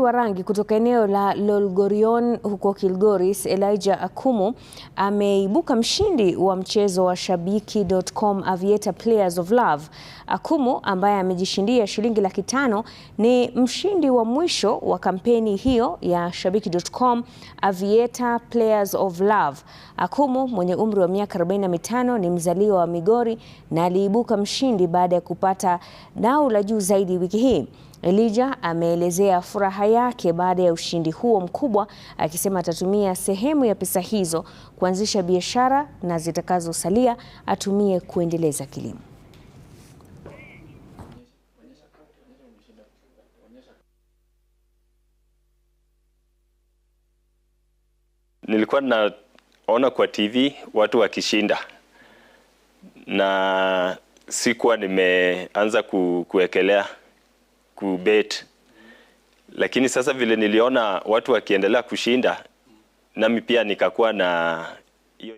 Waziri wa rangi kutoka eneo la Lolgorion huko Kilgoris, Elijah Akumu ameibuka mshindi wa mchezo wa Shabiki.com Aviator Players of Love. Akumu ambaye amejishindia shilingi laki tano ni mshindi wa mwisho wa kampeni hiyo ya Shabiki.com Aviator Players of Love. Akumu mwenye umri wa miaka 45 ni mzaliwa wa Migori na aliibuka mshindi baada ya kupata dau la juu zaidi wiki hii elija ameelezea furaha yake baada ya ushindi huo mkubwa, akisema atatumia sehemu ya pesa hizo kuanzisha biashara na zitakazosalia atumie kuendeleza kilimo. Nilikuwa naona kwa TV watu wakishinda na sikuwa nimeanza kuwekelea kubet, lakini sasa vile niliona watu wakiendelea kushinda, nami pia nikakuwa na hiyo